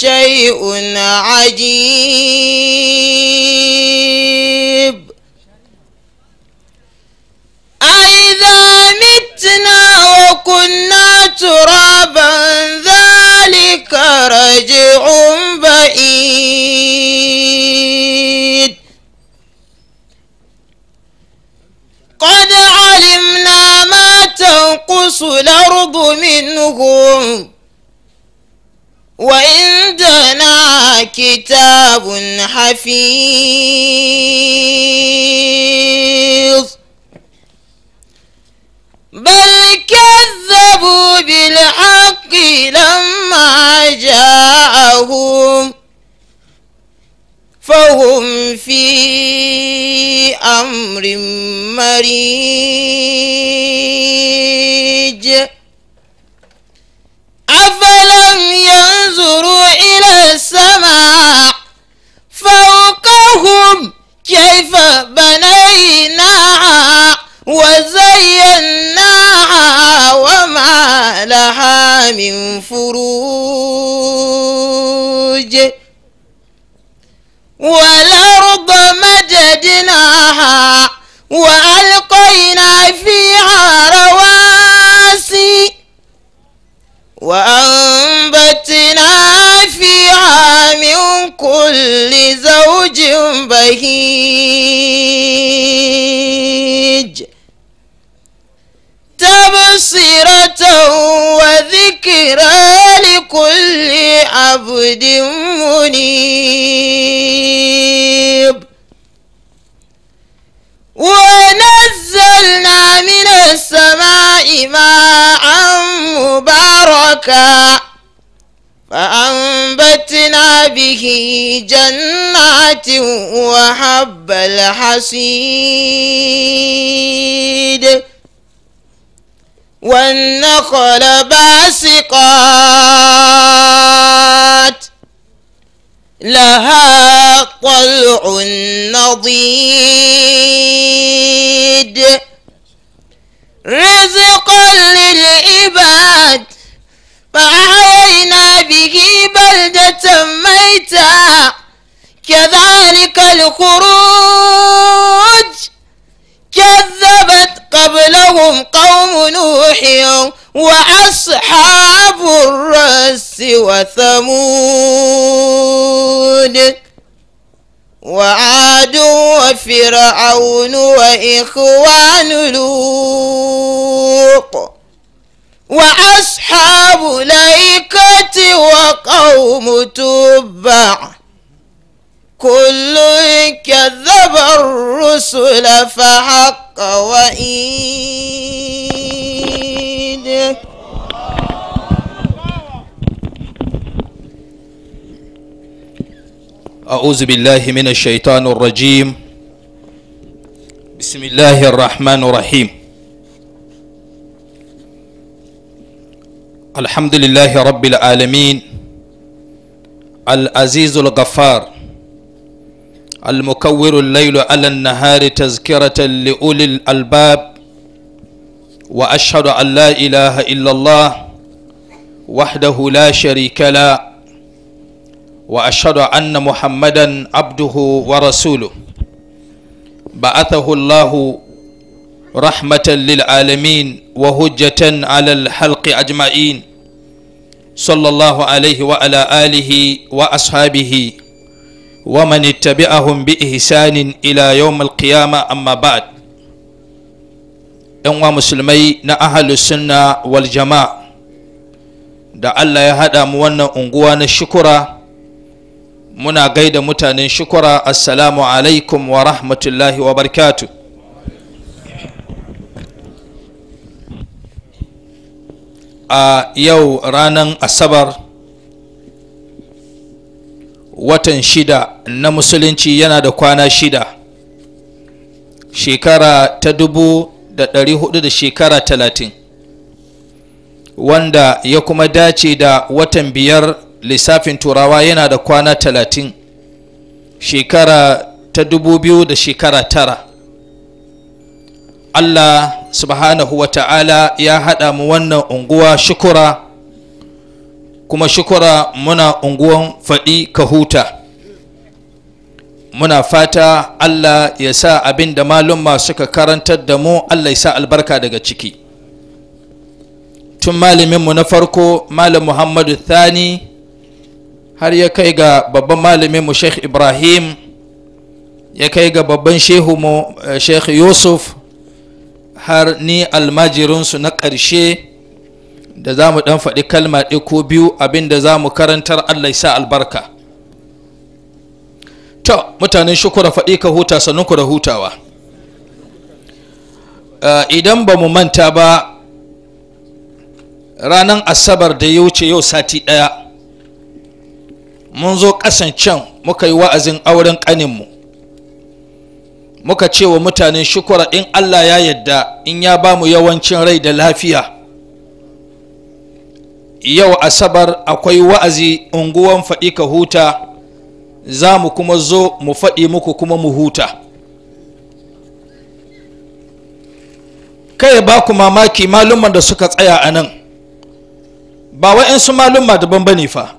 شيء عجيب أئذا متنا وكنا ترابا ذلك رجع بعيد قد علمنا ما تنقص الأرض منهم وإن كتاب حفيظ بل كذبوا بالحق لما جاءهم فهم في أمر مريج كيف بنيناها وزيناها وما لها من فروج والأرض مجدناها وألقينا فيها رواسي وأ كل زوج بهيج تبصرة وذكرى لكل عبد منيب ونزلنا من السماء ماء مباركا فأنبتنا به جنات وحب الحصيد والنخل باسقات لها طلع نضيد رزقا للعباد فأحيينا به بلدة ميتا كذلك الخروج كذبت قبلهم قوم نوح وأصحاب الرس وثمود وعاد وفرعون وإخوان لوط وأصحاب الأيكة وقوم تبع كل كذب الرسل فحق وإيد أعوذ بالله من الشيطان الرجيم بسم الله الرحمن الرحيم الحمد لله رب العالمين العزيز الغفار المكور الليل على النهار تذكرة لأولي الألباب وأشهد أن لا إله إلا الله وحده لا شريك له وأشهد أن محمدا عبده ورسوله بعثه الله رحمة للعالمين وهجة على الحلق أجمعين صلى الله عليه وعلى آله وأصحابه ومن اتبعهم بإحسان إلى يوم القيامة أما بعد ‘yan musulmai na ahalu sunna wal jama'a da Allah ya haɗa mu wannan unguwa na shukura muna gaida mutanen shukura assalamu alaikum wa rahmatullahi wa barkatu a yau ranar asabar watan shida na musulunci yana da kwana shida shekara ta dubu da ɗari hudu da shekara talatin wanda ya kuma dace da watan biyar lissafin turawa yana da kwana talatin shekara ta dubu biyu da shekara tara Allah subhanahu wa ta'ala ya haɗa mu wannan unguwa shukura kuma shukura muna unguwan faɗi ka huta muna fata Allah ya sa abin da malumma suka karantar da mu Allah ya sa albarka daga ciki tun malaminmu na farko malam muhammadu thani har ya kai ga babban malaminmu sheikh ibrahim ya kai ga babban shehu mu eh, sheikh yusuf har ni almajirinsu na ƙarshe da za mu ɗan faɗi kalma ko biyu abinda za mu karantar allah sa albarka to mutanen shukura faɗi ka huta sannan da hutawa eh, idan ba mu manta ba ranar asabar da ya wuce yau sati ɗaya mun zo ƙasan can muka yi wa'azin auren ƙaninmu muka ce wa mutane shukura in Allah ya yadda in ya ba mu yawancin rai da lafiya yau asabar akwai wa'azi unguwan faɗi ka huta za mu kuma zo mu faɗi muku kuma mu huta kai ba ku mamaki malumman da suka tsaya a nan ba wa'yansu malumma daban ba ne fa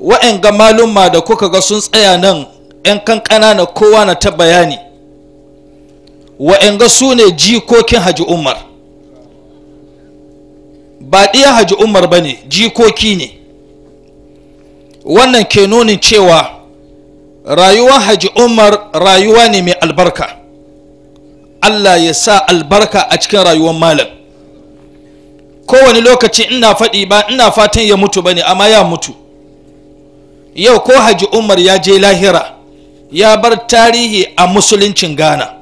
wa'in ga malumma da kuka ga sun tsaya nan 'yan kankana na kowa na ta bayani wa'yanga su ne jikokin haji umar ba ɗiya haji umar ba ne jikoki ne wannan ke nunin cewa rayuwar haji umar rayuwa ne mai albarka allah ya sa albarka a cikin rayuwar malam kowane lokaci ina faɗi ba ina fatan ya mutu ba ne amma ya mutu yau ko haji umar ya je lahira ya bar tarihi a musuluncin ghana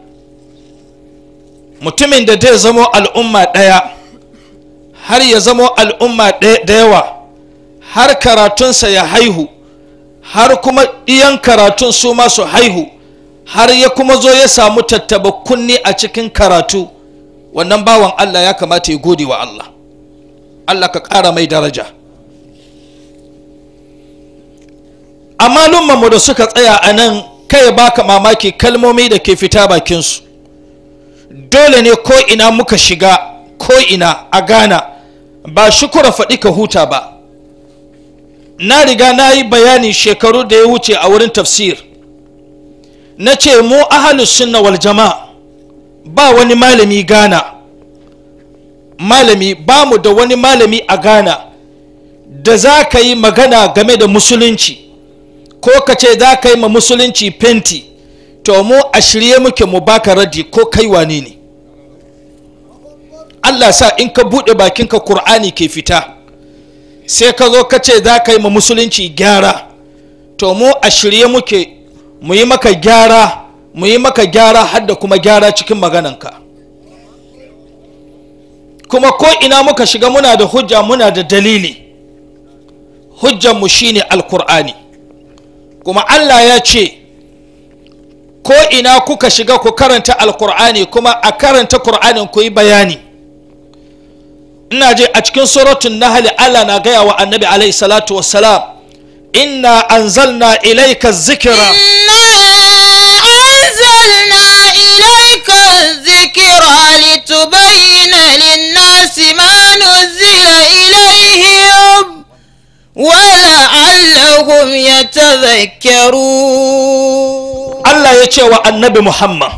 mutumin da zai zamo al'umma ɗaya har ya zamo al'umma da yawa har karatunsa ya haihu har kuma ɗiyan karatun su masu haihu har ya kuma zo ya samu tattaba kunni a cikin karatu wannan bawan Allah ya kamata ya gode wa Allah Allah ka ƙara mai daraja amma mu da suka tsaya a nan kai baka mamaki kalmomi da ke fita bakinsu dole ne ko ina muka shiga ko ina a gana. ba shukura faɗi ka huta ba na riga na yi bayani shekaru da ya wuce a wurin tafsir na ce mu ahalus sunna wal jama'a ba wani malami gana. malami ba mu da wani malami a gana. da za ka yi magana game da musulunci ko ka ce za ka yi ma musulunci fenti to mu a shirye muke mu baka radi ko kai wane ne Allah sa in ka buɗe bakinka Kur'ani ke fita sai ka zo ka ce za ka yi ma musulunci gyara to mu a shirye muke mu yi maka gyara mu yi maka gyara har kuma gyara cikin magananka kuma ko ina muka shiga muna da hujja muna da dalili hujjanmu shine alkur'ani kuma Allah ya ce ko ina kuka shiga ku karanta alkur'ani kuma a karanta kur'anin ku yi bayani ina je a cikin suratun nahali Allah na gaya wa annabi alaihi salatu wassalam inna anzalna ilaika zikira anzalna ilaika zikira litubayyana lin-nasi ma nuzila ilayhim wala la'allahum Allah ya ce wa annabi Muhammad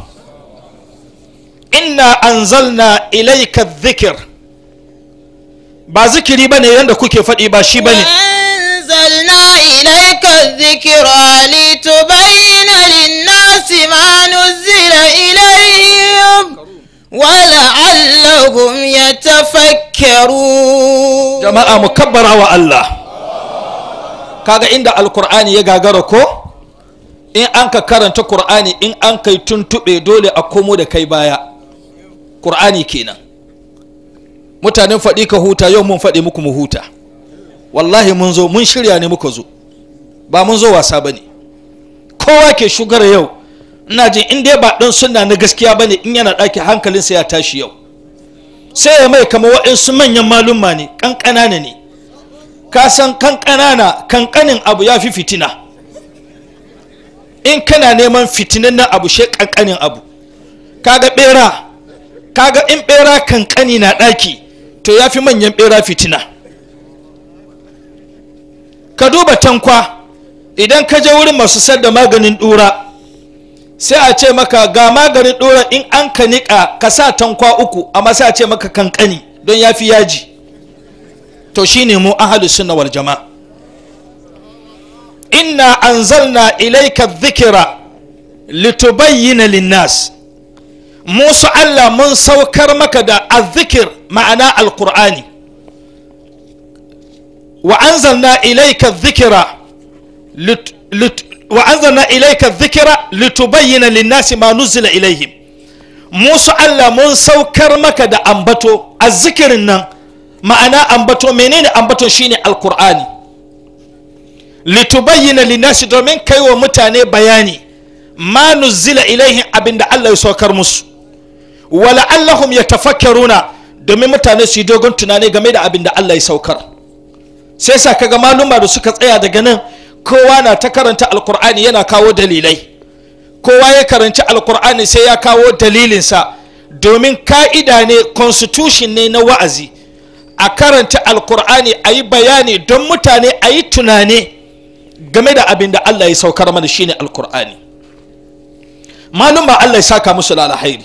inna anzalna ilayka dhikr ba zikiri bane yanda kuke faɗi ba shi bane anzalna ilayka dhikra litubayyana lin-nasi ma nuzila ilayhim ولعلهم يتفكرون جماعة مكبرة الله kaga inda alkur'ani ya gagara ko in an ka karanta kur'ani in an kai tuntube dole a komo da kai baya kur'ani kenan mutanen faɗi ka huta yau mun faɗi muku mu huta wallahi mun zo mun shirya ne muka zo ba mun zo wasa bane kowa ke shugar yau ina jin in dai ba ɗan sunna na gaskiya bane in yana ɗaki hankalinsa ya tashi yau sai ya mai kama waɗansu manyan malumma ne ƙanƙana ne ka san kan kankanin abu ya fi fitina in kana neman fitinan na abu she kankanin abu kaga bera kaga in bera kankani na ɗaki to ya fi manyan bera fitina ka duba tankwa idan ka je wurin masu sayar da maganin ɗura sai a ce maka ga maganin ɗura in an ka nika ka sa tankwa uku amma sai a ce maka kankani don ya fi yaji to shine mu ahlus sunna wal jamaa inna anzalna ilayka dhikra litubayyana linnas musu Allah mun saukar maka da azzikir ma'ana alqur'ani wa anzalna ilayka dhikra wa anzalna ilayka dhikra litubayyana linnasi ma nuzila ilayhim musu Allah mun saukar maka da ambato azzikirin nan ma'ana ambato menene ambaton shine alkur'ani litubayyana linasi domin kai wa mutane bayani ma nuzila ilaihim abinda Allah ya saukar musu wala allahum yatafakkaruna domin mutane su yi dogon tunani game da abinda Allah ya saukar sai sa kaga maluma da suka tsaya daga nan kowa na ta karanta alkur'ani yana kawo dalilai kowa ya karanci alkur'ani sai ya kawo dalilinsa domin ka'ida ne constitution ne na wa'azi a karanta alkur'ani a yi bayani don mutane a yi tunani game da abin da allah ya saukar mana shine alkur'ani malum ba allah ya saka musu lalahairi alhairi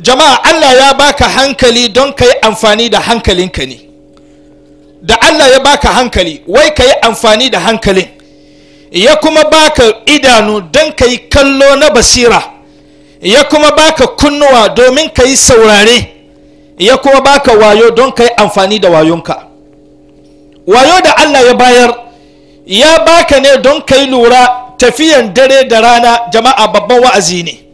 jama'a allah ya baka hankali don ka yi amfani da hankalinka ne da allah ya baka hankali wai ka yi amfani da hankalin ya kuma baka idanu don ka yi kallo na basira ya kuma baka kunnuwa domin ka yi saurare ya kuma baka wayo don ka amfani da wayonka wayo da allah ya bayar ya baka ne don ka yi lura tafiyan dare da rana jama'a babban wa'azi ne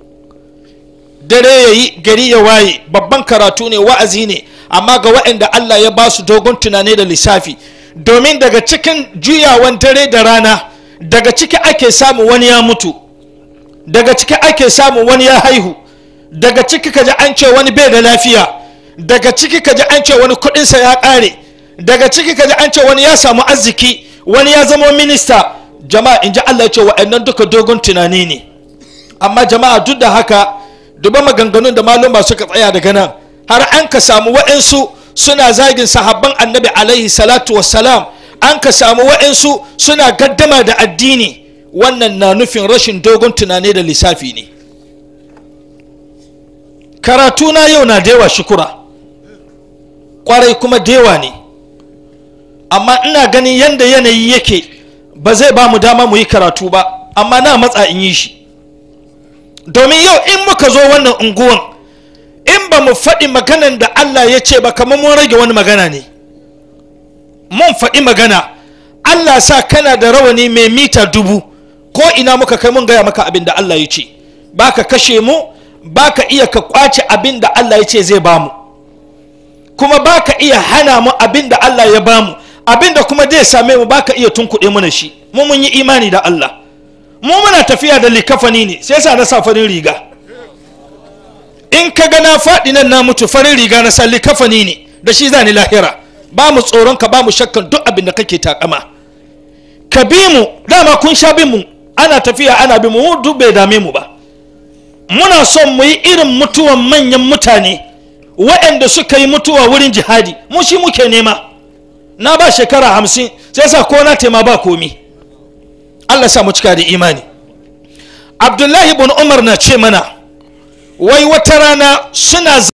dare ya yi gari ya waye babban karatu ne wa'azi ne amma ga waɗanda allah ya ba su dogon tunani da lissafi domin daga cikin juyawan dare da rana daga ciki ake samu wani ya mutu daga ciki ake samu wani ya haihu daga ciki kaji an ce wani bai da lafiya daga ciki ka ji an ce wani kuɗinsa ya ƙare daga ciki ka ji an ce wani ya samu arziki wani ya zama minista jama'a in ji allah ce wa'annan duka dogon tunani ne amma jama'a duk da haka duba maganganun da malumma suka tsaya daga nan har an ka samu wa'insu suna zagin sahabban annabi alaihi salatu wassalam an ka samu wa'insu suna gaddama da addini wannan na nufin rashin dogon tunani da lissafi ne karatuna yau na da yawa shukura kwarai kuma dewa ne amma ina ganin yadda yanayi yake ba zai ba mu dama mu yi karatu ba amma na matsa in yi shi domin yau in muka zo wannan unguwan in ba mu faɗi maganan da Allah ya ce ba kamar mun rage wani magana ne mun faɗi magana Allah sa kana da rawani mai mita dubu ko ina muka kai mun gaya maka abin da Allah ya ce ba ka kashe mu ba ka iya ka kwace abin da Allah ya ce zai ba mu kuma baka iya hana mu abin da Allah ya bamu abin da kuma zai same mu baka iya tunkuɗe mana shi mu mun yi imani da Allah mu muna tafiya da likafani ne sai sa na sa farin riga in ka ga na faɗi nan na mutu farin riga na sa likafani ne da shi zani lahira ba mu tsoron ka ba mu shakkan duk abin da kake takama ka bi mu dama kun sha bin mu ana tafiya ana bi mu duk bai dame mu ba muna son mu yi irin mutuwan manyan mutane waɗanda suka yi mutuwa wurin jihadi mu shi muke nema na ba shekara hamsin sai sa ko na tema ba komi allah sa mu cika da imani abdullahi bin umar na ce mana wai wata rana suna